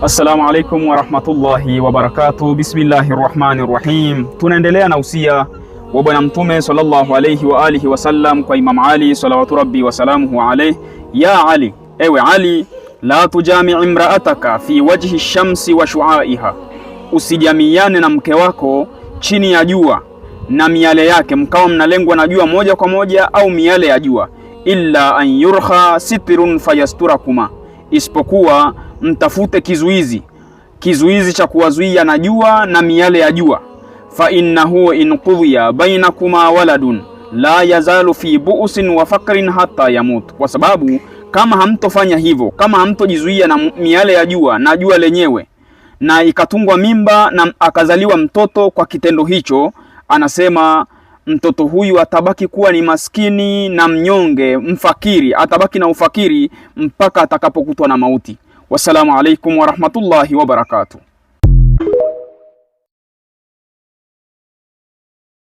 Assalamu alaikum warahmatullahi wabarakatuh. Bismillahi rahmani rahim. Tunaendelea na usia wa Bwana Mtume sallallahu alayhi wa alihi wasallam kwa Imam Ali salawatu rabbi wasalamuhu alayhi. Ya Ali, ewe Ali, la tujami imraataka fi wajhi shamsi wa shuaiha, usijamiane na mke wako chini ya jua na miale yake, mkawa mnalengwa na jua moja kwa moja au miale ya jua. Illa an yurha sitrun fayasturakuma isipokuwa mtafute kizuizi, kizuizi cha kuwazuia na jua na miale ya jua. fa innahu in qudhiya bainakuma waladun la yazalu fi bu'sin wa fakrin hata yamut, kwa sababu kama hamtofanya hivyo, kama hamtojizuia na miale ya jua na jua lenyewe, na ikatungwa mimba na akazaliwa mtoto kwa kitendo hicho, anasema mtoto huyu atabaki kuwa ni maskini na mnyonge, mfakiri, atabaki na ufakiri mpaka atakapokutwa na mauti. Wassalamu alaikum warahmatullahi wabarakatuh.